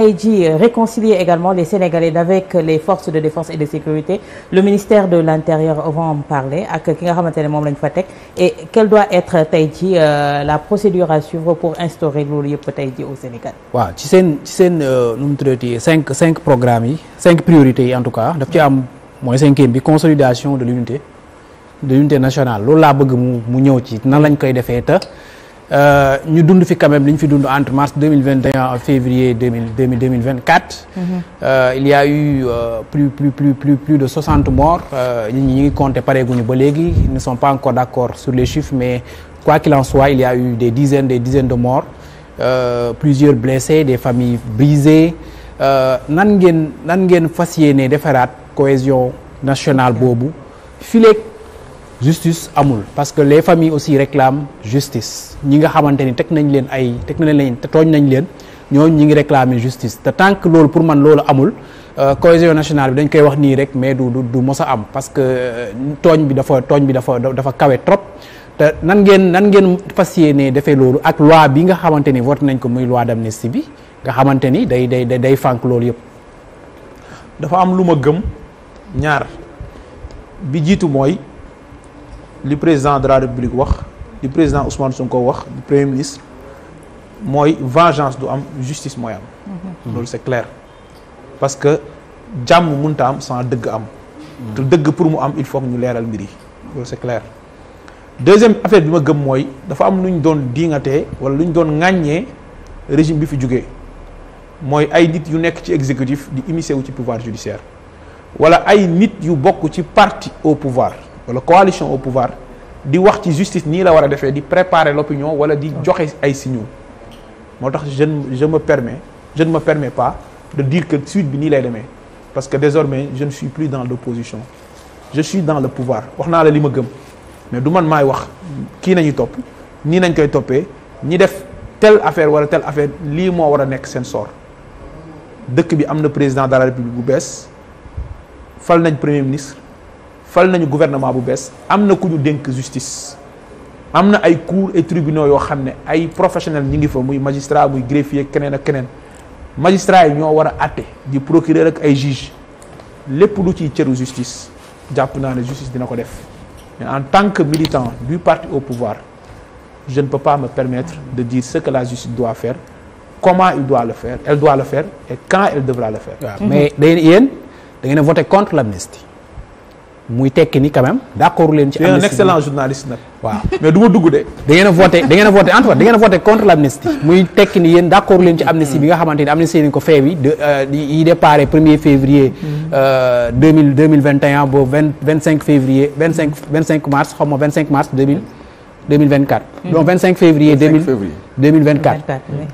tey jii euh, réconcilier également les Sénégalais avec les forces de défense et de sécurité le ministère de l'intérieur va en parler ak ki nga xamante ne moom la fa teg et quelle doit être tey euh, la procédure à suivre pour instaurer loolu yëpp tey jii au Sénégal. waaw ci seen ci seen euh, nu mu tuddati cinq cinq programmes yi cinq priorités yi en tout cas daf ci am mooy cinquième bi consolidation de l'unité de l'unité nationale loolu la bëgg mu mu ñëw ci nan lañ koy defee ta Euh, ñu dund fi quand même li ñu fi dund entre mars deux mille vingt et un à février deux mille deux mille vingt euh, il y eu euh, plus plus de soixante morts. nit ñu ngi compter pareeguñu ba léegi ils ne sont pas encore d'accord sur les chiffres mais quoi qu'il en soit il y a eu des dizaines des dizaines de morts euh, plusieurs blessés des familles brisées nan ngeen nan ngeen fas yéene defaraat cohésion nationale boobu fileeg. justice amul parce que les familles aussi réclament justice ñi nga xamante ni teg nañ leen ay teg nañ leen te tooñ nañ leen ñooñu ñi ngi réclamer justice te tant que loolu pour man loolu amul euh, cohésion nationale bi dañ koy wax nii rek mais du du du mos a am parce que euh, tooñ bi dafa tooñ bi dafa dafa kawe trop te nan ngeen nan ngeen fas yéenee defee loolu ak loi bi nga xamante ni voté nañ ko muy loi d'amnistie bi nga xamante ni day day day fànk loolu yëpp. dafa am lu ma gëm ñaar bi jiitu mooy. li président de la république wax li président Ousmane Sonko wax li premier ministre mooy vengeance du am justice mooy am. Mhm. loolu c'est clair parce que jàmm munta am sans dëgg am. Mhm. te dëgg pour mu am il faut que ñu leeral mbir yi loolu c'est clair. deuxième affaire bi ma gëm mooy dafa am lu ñu doon diingatee wala lu ñu doon ŋàññee régime bi fi jugee mooy ay nit yu nekk ci exécutif di immiscer wu ci pouvoir judiciaire wala ay nit yu bokk ci parti au pouvoir. wala coalition au pouvoir di wax ci justice nii la war a defee di préparer l'opinion wala di ah. joxe ay signaux moo tax je je me jeune je ne me permets pas de dire que suite bi nii lay demee parce que désormais je ne suis plus dans l'opposition je suis dans le pouvoir wax naa la li ma gëm mais du man maay wax kii nañu topp nii nañ koy toppee ñi def tel affaire wala tel affaire lii moo war a nekk seen sort dëkk bi am na président de la république bu bees fal nañ premier fal nañu gouvernement bu bees am na ku ñu dénk justice am na ay cour et tribunaux yoo xam ne ay professionnels ñi ngi fa muy magistrat muy greffier keneen ak keneen magistrat yi ñoo war a àtte di procureur ak ay juge lépp lu ciy cëru justice jàpp naa ne justice dina ko def mais en tant que militant du parti au pouvoir je ne peux permettre de dire ce que la justice doit faire comment il doit le faire elle doit le faire et quand mais day mhm. yéen da ngeen a voté contre l'amnistie muy tekki ni quand même leen ci. amnistie un excellent journaliste nag. waaw mais du ma dugg de. da a voté da a voté en tout a voté contre l' muy tekki ni yéen d' leen ci amnistie bi nga xamante ni amnistie nañu ko fee wi de euh, yi départ février. Mm-hmm. Euh, deux mille deux mille vingt et un ba vingt vingt cinq février vingt cinq vingt cinq mars xaw mars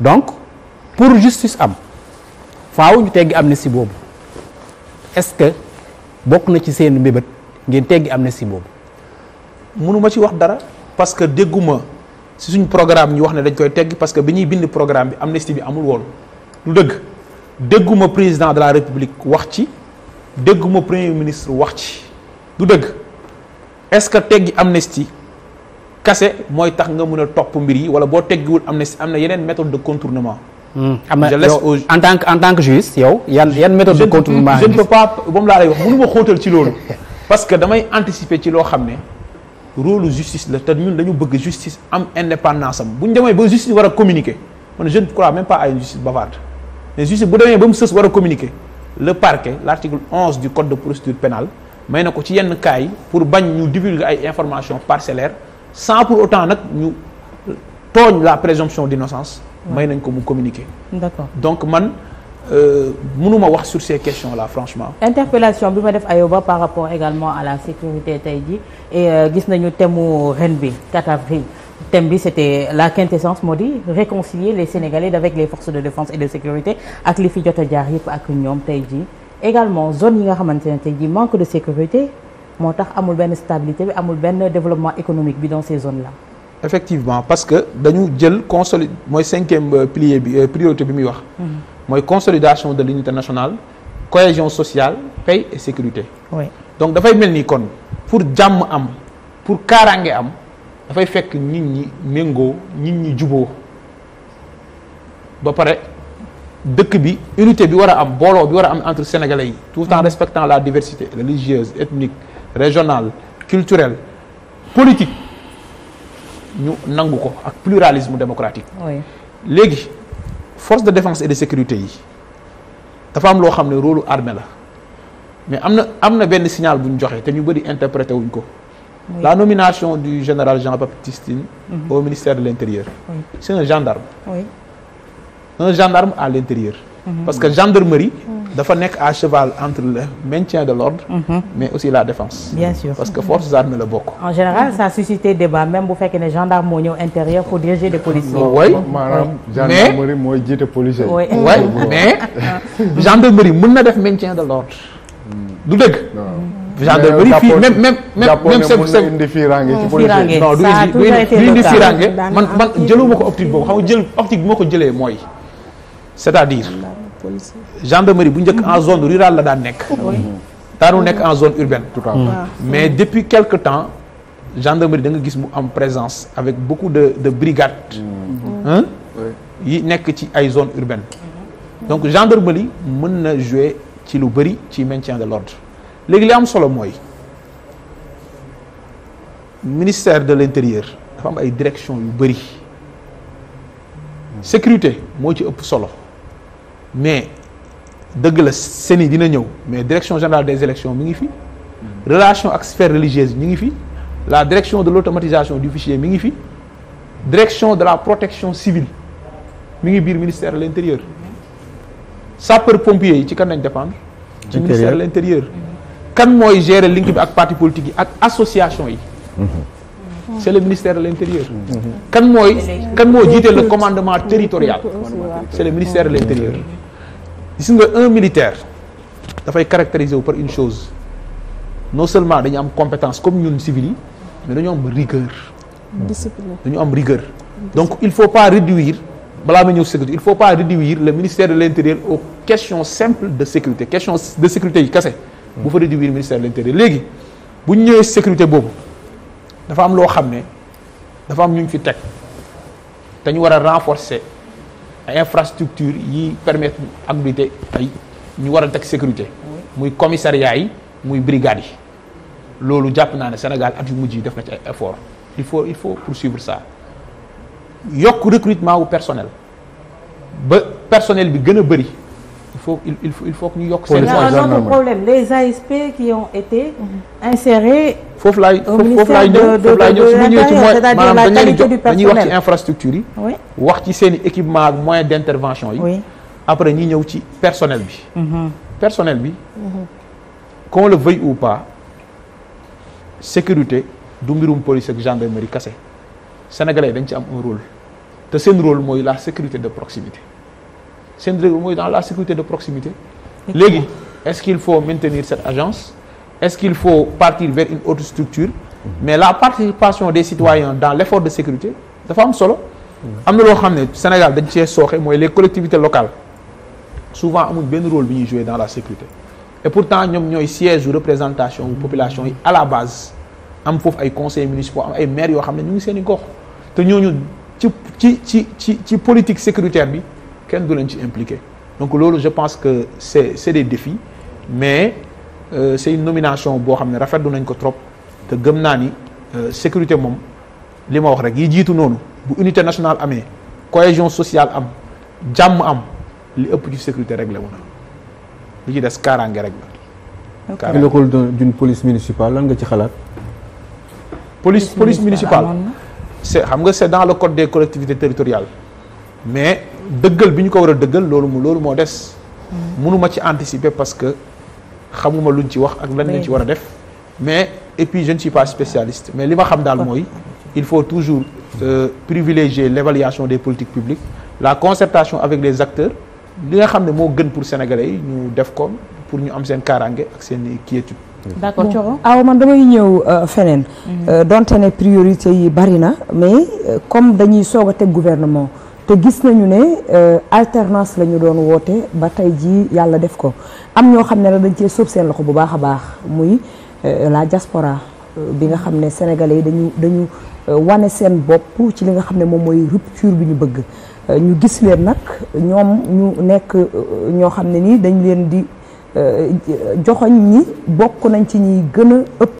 donc pour justice am faaw ñu teggi amnistie boobu est ce que. bokk na ci seen mbébét ngeen teggi amnistie boobu. mënuma ci wax dara parce que dégguma si suñ programme ñu wax ne dañ koy tegg parce que bi ñuy bind programme bi amnistie bi amul woon lu dëgg dégguma président de la république wax ci dégguma premier ministre wax ci du dëgg est-ce que teggi amnistie kase mooy tax nga mun a topp mbir yi wala boo teggiwul amnistie am na yeneen méthode de contournement Hmm. am na tant que en tant que juriste yow yan yan méthode de contournement je ne peux pas moom laa lay wax que damay anticiper ci loo xam ne rôle justice la te dañu bëgg justice am indépendance bu ñu demee ba justice war a communiquer man je ne crois même mais demee ba mu war a communiquer le parquet l' article onze du code de procédure pénale may na ko ci yenn cas yi pour bañ ñu divulguer ay information parcelaire sans pour autant nag ñu tooñ la présomption d' innocence may nañ ko mu communiquer. d'accord donc man euh, mënuma wax sur ces questions la franchement. interpellation bi ma def Ayoba par rapport également à la sécurité tey jii e gis nañu thème mu ren bi 4 avril. thème bi c'était la quintessence moo di réconcilier les Sénégalais avec les forces de défense et de sécurité ak li fi jot a jaar yëpp ak ñoom tey jii également zone yi nga xamante ne tey jii manque de sécurité moo tax amul benn stabilité bi amul benn développement économique bi dans ces zones effectivement parce que dañu jël consolide mooy cinquième euh, pilier bi euh, priorité bi muy wax. Mm-hmm. mooy consolidation de l'unité nationale cohésion sociale paix et sécurité. oui donc dafay mel ni kon pour jàmm am pour kaaraange am dafay fekk nit ñi méngoo nit ñi juboo ba pare dëkk bi unité bi war a am booloo bi war a am entre sénégalais yi. tout en mm-hmm. respectant la diversité religieuse ethnique régionale culturelle politique. ñu nangu ko ak pluralisme démocratique. oui léegi force de défense et de sécurité yi dafa am loo xam ne rôle armée la mais am na am na benn signal bu ñu joxe te ñu bëri interprété wuñ ko. la nomination du général Jean-Baptiste o Mm ministère de l'intérieur. Oui. c'est un gendarme. Oui. gendarme à l'intérieur. Mhm. parce que gendarmerie dafa nekk à cheval entre le maintien de l'ordre mhm. mais aussi la défense. bien parce que forces armées la bokk. en général ça a suscité débat même bu fekkee ne gendarme moo ñëw intérieur pour diriger des policiers. oui maanaam gendarmerie mais gendarmerie mën na def maintien de l'ordre hmm. du dëgg. gendarmerie euh, fii même même même indi firange ci hmm, policier non du indi du indi firange man man jëluma ko optique boobu xam nga jël optique bi moo ko jëlee mooy c'est-à-dire. gendarmerie bu njëkk en zone rurale la daan nekk. wu mhm. nekk en zone urbaine. tout à ah. mais depuis quelque temps gendarmerie da nga gis mu am présence avec beaucoup de de brigades. Mhm. Mhm. yi nekk ci ay zone urbaine donc gendarmerie mën na jouer ci lu bëri ci maintien de l'ordre léegi li am solo mooy ministère de l'intérieur dafa am ay direction yu bëri sécurité moo ci ëpp solo. mais dëgg la CENI dina ñëw mais direction générale des élections mi ngi fi. relation ak sphère religieuse mi ngi fi. la direction de l'automatisation du fichier mi ngi fi. direction de la protection civile mi ngi biir ministère de l'intérieur sapeur pompier yi ci kan lañ dépendre. ci ministère l'intérieur. kan mooy gérer link bi ak parti politique yi ak association yi. Mhm. c'est le ministère l'intérieur. Mhm. kan mooy kan moo jiite le commandement territorial. c'est le ministère de l'intérieur. gis nga un militaire dafay caractériser wu par une chose non seulement dañu am compétence comme ñun civil yi mais dañu am rigueur. discipline dañu am rigueur. donc il faut pas réduire balaa ma ñëw sécurité il faut pas réduire le ministère de l' intérieur aux questions simples de sécurité question de sécurité yi kese. bu fa réduire ministère de l' intérieur léegi bu ñu ñëwee sécurité boobu dafa am loo xam ne dafa am ñu ñu fi teg te ñu war a renforcer. ay infrastructure yi permettre abriter ay ñu war a teg sécurité muy commissariat yi muy brigade yi loolu jàpp naa ne Sénégal at yu mujj yi def na ci ay effort il faut il faut poursuivre ça yokk recrutement wu personnel ba personnel bi gën a bëri il faut il faut il ñu yokk. seen gendarmerie il y a les ASP qui ont été mhm. insérés. foofu laay foofu laay ñëw foofu laay ñëw su ma ñëwee ci mooy maanaam dañu leen jox dañuy wax ci infrastructure yi. wax ci seen i équipement ak moyens d'intervention yi. après ñi ñëw ci personnel bi. Mhm. personnel bi. Mhm. qu'on le veuille ou pas sécurité du mbirum police ak gendarmerie kese sénégalais dañ ci am un rôle te seen rôle mooy la sécurité de proximité. seen réew mooy dans la sécurité de proximité léegi est-ce qu'il faut maintenir cette agence est-ce qu'il faut partir vers une autre structure mhm. mais la participation des citoyens dans l'effort de sécurité dafa am solo mhm. am na loo xam ne Sénégal dañ cee sooxe mooy les collectivités locales souvent amuñ benn rôle bi ñuy jouer dans la sécurité et pourtant ñoom ñooy siège ou représentation wu population yi à la base am foofu ay conseils municipaux am ay maires yoo xam ne ñu ngi seen i gox te ñooñu ci ci ci ci ci politique sécuritaire bi kenn du lañu ci impliqué donc loolu je pense que c'est c'est des défis mais euh, c'est une nomination boo xam ne rafetlu nañ ko trop te gëm naa ni euh, sécurité moom li ma wax rek yi jiitu noonu bu unité nationale amee cohésion sociale am jàmm am li ëpp ci sécurité rek la na li ci des kaaraange rek la. ko l'école d'une police municipale lan nga ci xalaat. police police municipale c'est xam nga c'est dans le code des collectivités territoriale mais. dëggal bi ñu ko war a dëggal loolu mu loolu moo des mënuma ci anticiper parce que xamuma lu luñ ci wax ak lan lañ ci war a def mais et puis je suis pas spécialiste mais li ma xam daal mooy il faut toujours euh, privilégier l'évaluation des politiques publiques la concertation avec les acteurs li nga xam ne moo gën pour sénégalais yi ñu def ko pour ñu am seen kaaraange ak seen quiétude d'accord Thioro ah, damay ñëw euh, feneen mhm. euh, donte ne priorité yi bari na mais euh, comme dañuy soog a teg gouvernement te gis nañu ne euh, alternance la ñu doon woote ba tey jii yàlla def ko am ñoo xam ne la dañ cee sóob seen loxo bu baax a baax muy euh, la diaspora euh, bi nga xam ne sénégalais yi dañu dañu wane seen bopp ci li nga xam ne moom mooy rupture bi ñu bëgg ñu gis leen nag ñoom ñu nekk ñoo xam ne nii dañ leen di joxoñ ñi bokk nañ ci ñi gën ëpp